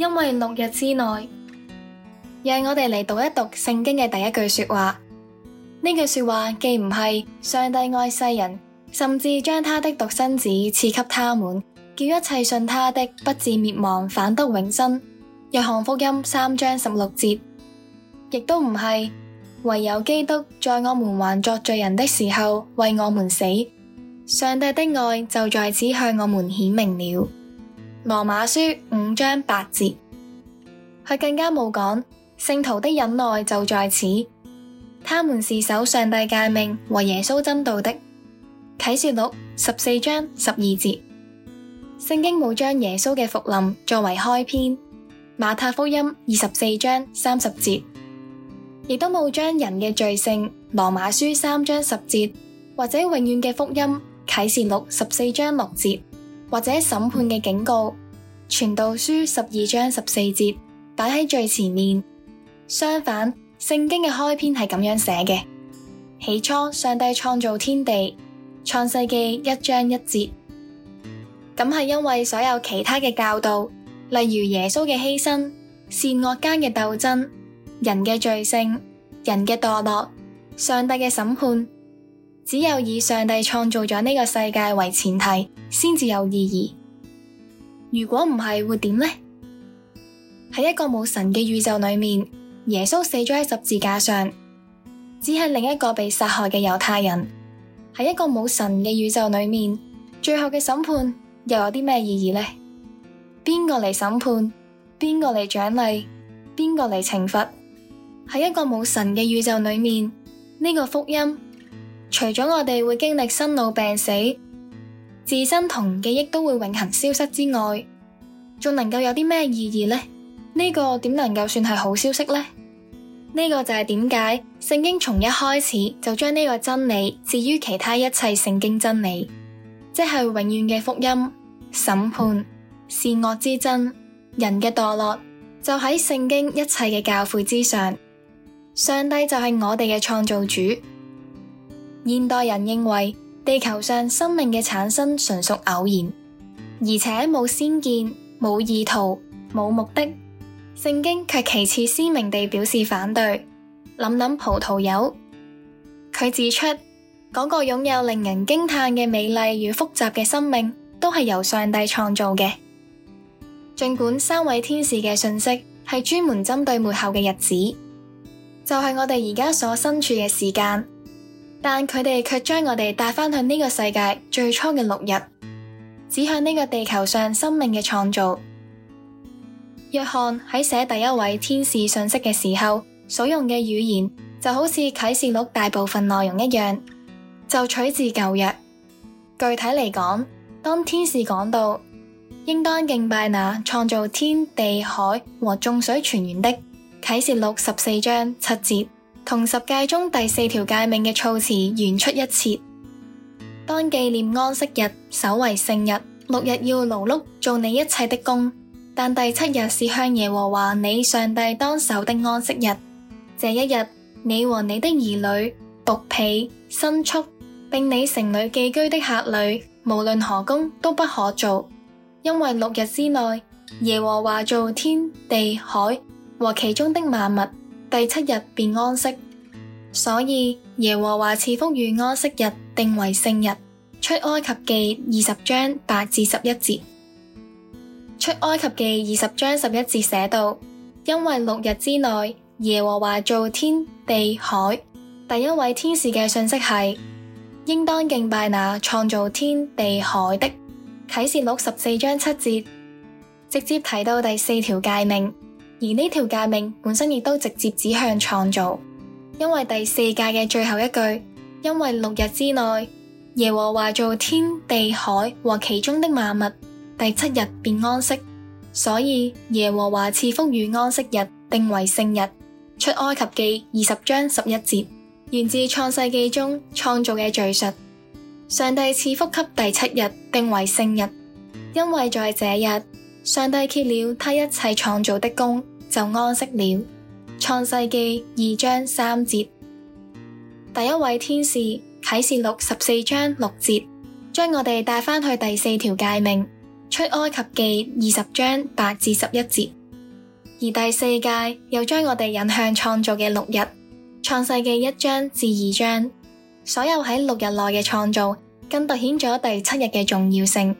因為六日之內，讓我哋嚟讀一讀聖經嘅第一句說話。呢句說話既唔係上帝愛世人，甚至將他的獨生子賜給他們，叫一切信他的不至滅亡，反得永生。約翰福音三章十六節，亦都唔係唯有基督在我們還作罪人的時候為我們死，上帝的愛就在此向我們顯明了。羅馬書五章八節，佢更加冇講，聖徒的忍耐就在此。他們是守上帝誡命和耶穌真道的。啟示錄十四章十二節，聖經冇將耶穌嘅復臨作為開篇。馬太福音二十四章三十節，亦都冇將人嘅罪性。羅馬書三章十節或者永遠嘅福音。啟示錄十四章六節。或者審判嘅警告，傳道書十二章十四節擺喺最前面。相反，聖經嘅開篇係咁樣寫嘅：起初，上帝創造天地，創世紀一章一節。咁係因為所有其他嘅教導，例如耶穌嘅犧牲、善惡間嘅鬥爭、人嘅罪性、人嘅墮落、上帝嘅審判。只有以上帝創造咗呢個世界為前提，先至有意義。如果唔係，會點呢？喺一個冇神嘅宇宙裏面，耶穌死咗喺十字架上，只係另一個被殺害嘅猶太人。喺一個冇神嘅宇宙裏面，最後嘅審判又有啲咩意義呢？邊個嚟審判？邊個嚟獎勵？邊個嚟懲罰？喺一個冇神嘅宇宙裏面，呢個福音。除咗我哋會經歷生老病死，自身同記憶都會永恆消失之外，仲能夠有啲咩意義呢？呢個點能夠算係好消息呢？呢個就係點解聖經從一開始就將呢個真理置於其他一切聖經真理，即係永遠嘅福音、審判、善惡之爭、人嘅墮落，就喺聖經一切嘅教誨之上。上帝就係我哋嘅創造主。現代人認為地球上生命嘅產生純屬偶然，而且冇先見、冇意圖、冇目的。聖經卻旗幟鮮明地表示反對。諗諗葡萄柚，佢指出嗰、那個擁有令人驚嘆嘅美麗與複雜嘅生命，都係由上帝創造嘅。儘管三位天使嘅信息係專門針對末後嘅日子，就係、是、我哋而家所身處嘅時間。但佢哋卻將我哋帶返去呢個世界最初嘅六日，指向呢個地球上生命嘅創造。約翰喺寫第一位天使信息嘅時候，所用嘅語言就好似啟示錄大部分內容一樣，就取自舊約。具體嚟講，當天使講到應當敬拜那創造天地海和眾水泉源的，啟示錄十四章七節。同十誡中第四條誡命嘅措辭原出一轍。當紀念安息日，守為聖日，六日要勞碌做你一切的工，但第七日是向耶和華你上帝當守的安息日。這一日，你和你的兒女、僕婢、牲畜，並你城裏寄居的客旅，無論何工都不可做，因為六日之內，耶和華造天地海和其中的萬物。第七日便安息，所以耶和華賜福與安息日，定為聖日。出埃及記二十章八至十一節，出埃及記二十章十一節寫到：因為六日之內，耶和華造天地海，第一位天使嘅信息係，應當敬拜那創造天地海的。啟示錄十四章七節，直接提到第四條誡命。而呢條誡命本身亦都直接指向創造，因為第四誡嘅最後一句，因為六日之內，耶和華造天地海和其中的萬物，第七日便安息，所以耶和華賜福與安息日，定為聖日。出埃及記二十章十一節，源自創世記中創造嘅敘述，上帝賜福給第七日，定為聖日，因為在這日，上帝歇了他一切創造的工。」就安息了。創世記二章三節，第一位天使啟示錄十四章六節，將我哋帶翻去第四條誡命。出埃及記二十章八至十一節，而第四誡又將我哋引向創造嘅六日。創世記一章至二章，所有喺六日內嘅創造，更凸顯咗第七日嘅重要性。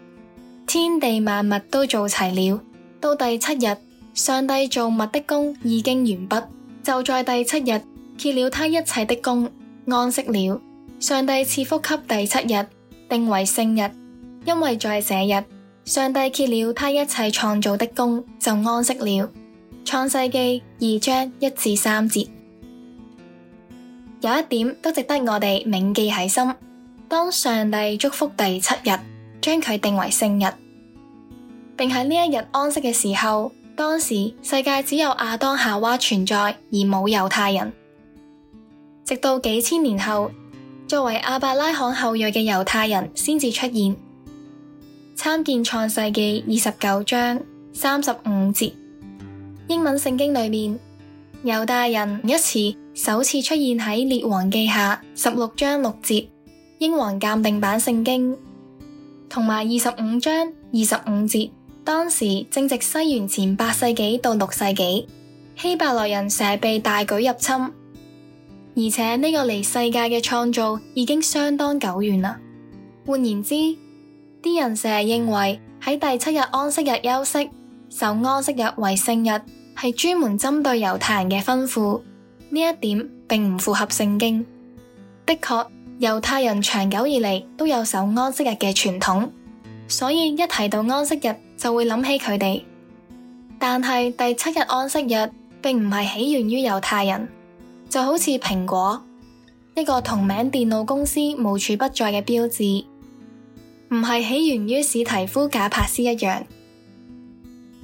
天地萬物都做齊了，到第七日。上帝造物的工已經完畢，就在第七日，歇了他一切的工，安息了。上帝賜福給第七日，定為聖日，因為在這日，上帝歇了他一切創造的工，就安息了。創世記二章一至三節，有一點都值得我哋銘記喺心。當上帝祝福第七日，將佢定為聖日，並喺呢一日安息嘅時候。當時世界只有亞當、夏娃存在，而冇猶太人。直到幾千年後，作為亞伯拉罕後裔嘅猶太人先至出現。參見創世紀二十九章三十五節。英文聖經裏面，猶太人一詞首次出現喺列王記下十六章六節。英皇鑒定版聖經同埋二十五章二十五節。當時正值西元前八世紀到六世紀，希伯來人蛇被大舉入侵，而且呢個離世界嘅創造已經相當久遠啦。換言之，啲人蛇認為喺第七日安息日休息，守安息日為聖日，係專門針對猶太人嘅吩咐。呢一點並唔符合聖經。的確，猶太人長久以嚟都有守安息日嘅傳統，所以一提到安息日，就會諗起佢哋，但係第七日安息日並唔係起源於猶太人，就好似蘋果，呢個同名電腦公司無處不在嘅標誌，唔係起源於史提夫賈帕斯一樣。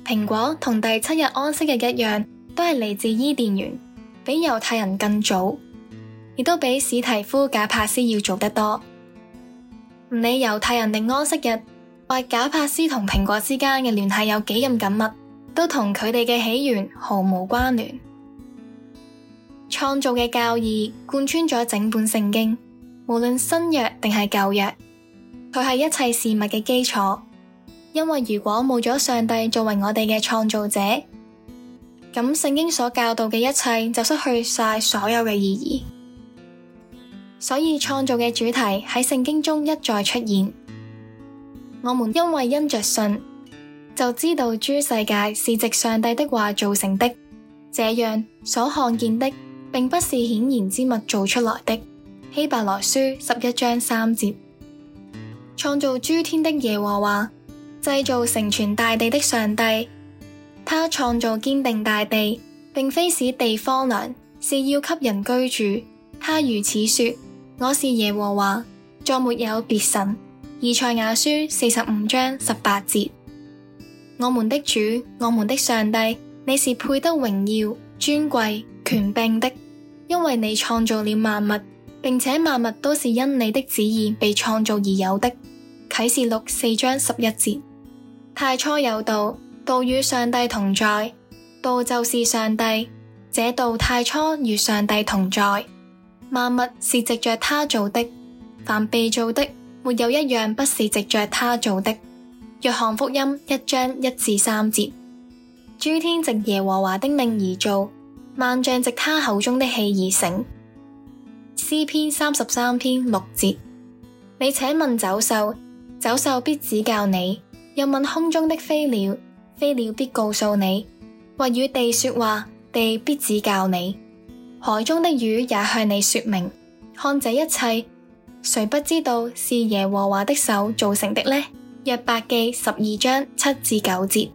蘋果同第七日安息日一樣，都係嚟自伊甸園，比猶太人更早，亦都比史提夫賈帕斯要早得多。唔理猶太人定安息日，或賈伯斯同蘋果之間嘅聯繫有幾咁緊密，都同佢哋嘅起源毫無關聯。創造嘅教義貫穿咗整本聖經，無論新約定係舊約，佢係一切事物嘅基礎。因為如果冇咗上帝作為我哋嘅創造者，咁聖經所教導嘅一切就失去晒所有嘅意義。所以創造嘅主題喺聖經中一再出現。我們因為因着信，就知道諸世界是藉上帝的話造成的，這樣所看見的，並不是顯然之物造出來的。希伯來書十一章三節：創造諸天的耶和華，製造成全大地的上帝，他創造堅定大地，並非使地荒涼，是要給人居住。他如此說：我是耶和華，再沒有別神。以賽亞書四十五章十八節：我們的主，我們的上帝，你是配得榮耀、尊貴、權柄的，因為你創造了萬物，並且萬物都是因你的旨意被創造而有的。啟示錄四章十一節：太初有道，道與上帝同在，道就是上帝。這道太初與上帝同在，萬物是藉着他做的，凡被造的，沒有一樣不是藉着他做的。約翰福音一章一至三節，諸天藉耶和華的命而造，萬象藉他口中的氣而成。詩篇三十三篇六節，你且問走獸，走獸必指教你；又問空中的飛鳥，飛鳥必告訴你；或與地說話，地必指教你；海中的魚也向你說明。看這一切。誰不知道是耶和華的手造成的呢？約伯記十二章七至九節，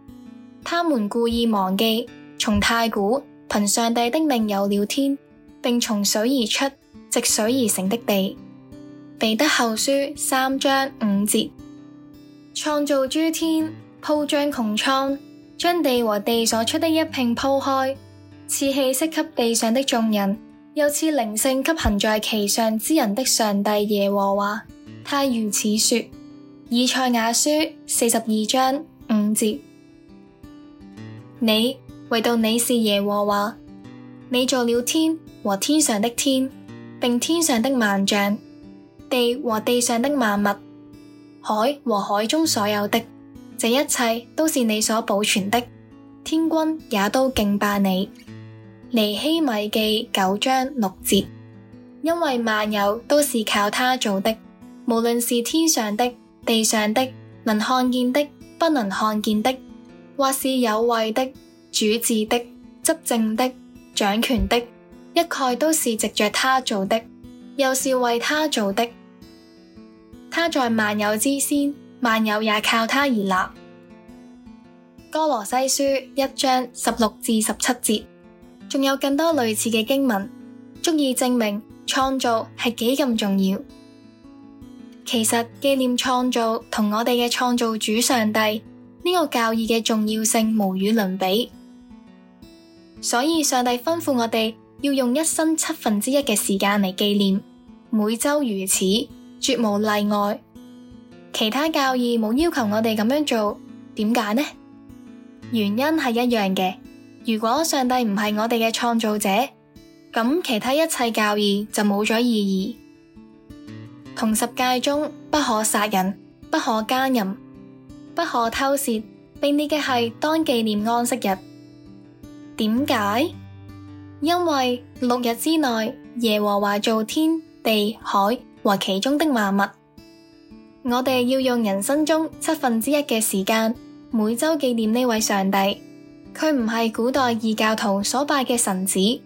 他們故意忘記從太古憑上帝的命有了天，並從水而出，藉水而成的地。彼得後書三章五節，創造諸天，鋪張穹蒼，將地和地所出的一併鋪開，賜氣息給地上的眾人。又賜靈性給行在其上之人的上帝耶和華，他如此說：以賽亞書四十二章五節，你，唯獨你是耶和華，你造了天和天上的天，並天上的萬象，地和地上的萬物，海和海中所有的，這一切都是你所保存的，天軍也都敬拜你。尼希米記九章六節，因為萬有都是靠他做的，無論是天上的、地上的，能看見的、不能看見的，或是有位的、主治的、執政的、掌權的，一概都是藉着他做的，又是為他做的。他在萬有之先，萬有也靠他而立。哥羅西書一章十六至十七節。仲有更多類似嘅經文，足以證明創造係幾咁重要。其實紀念創造同我哋嘅創造主上帝呢個教義嘅重要性無與倫比。所以上帝吩咐我哋要用一生七分之一嘅時間嚟紀念，每周如此，絕無例外。其他教義冇要求我哋咁樣做，點解呢？原因係一樣嘅。如果上帝唔係我哋嘅創造者，咁其他一切教義就冇咗意義。同十誡中不可殺人、不可奸淫、不可偷竊，並列嘅係當紀念安息日。點解？因為六日之內，耶和華造天地海和其中的萬物。我哋要用人生中七分之一嘅時間，每周紀念呢位上帝。佢唔係古代異教徒所拜嘅神子，亦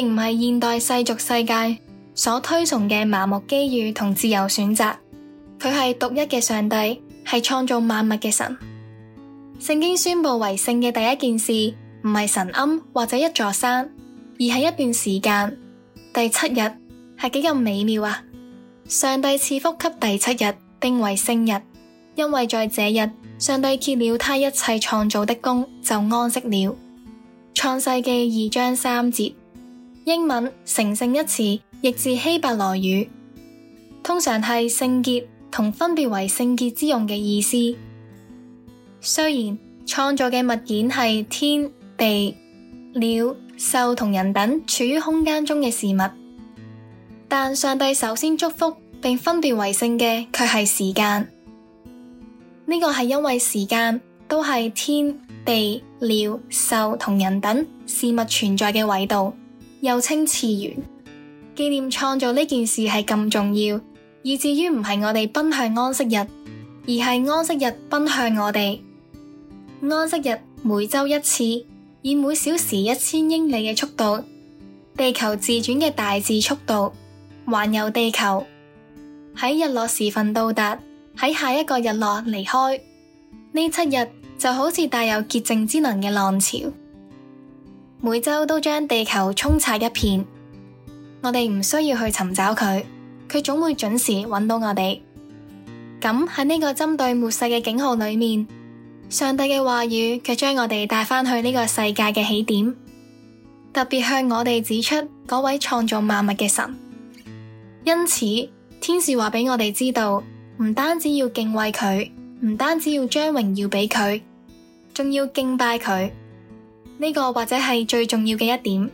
唔係現代世俗世界所推崇嘅麻木機遇同自由選擇。佢係獨一嘅上帝，係創造萬物嘅神。聖經宣布為聖嘅第一件事，唔係神庵或者一座山，而係一段時間。第七日，係幾咁美妙啊！上帝賜福給第七日，定為聖日。因為在這日，上帝歇了他一切創造的工，就安息了。創世記二章三節，英文“成聖”一詞譯自希伯來語，通常係聖潔同分別為聖潔之用嘅意思。雖然創造嘅物件係天地、鳥、獸同人等，處於空間中嘅事物，但上帝首先祝福並分別為聖嘅，卻係時間。呢個係因為時間都係天地、鳥、獸同人等事物存在嘅緯度，又稱次元。紀念創造呢件事係咁重要，以至於唔係我哋奔向安息日，而係安息日奔向我哋。安息日每周一次，以每小時一千英里嘅速度，地球自轉嘅大致速度環遊地球，喺日落時分到達，喺下一個日落離開呢七日。就好似帶有潔淨之能嘅浪潮，每周都將地球沖刷一遍。我哋唔需要去尋找佢，佢總會準時揾到我哋。咁喺呢個針對末世嘅警號裏面，上帝嘅話語卻將我哋帶返去呢個世界嘅起點，特別向我哋指出嗰位創造萬物嘅神。因此，天使話俾我哋知道，唔單止要敬畏佢，唔單止要將榮耀俾佢，仲要敬拜佢。呢個或者係最重要嘅一點。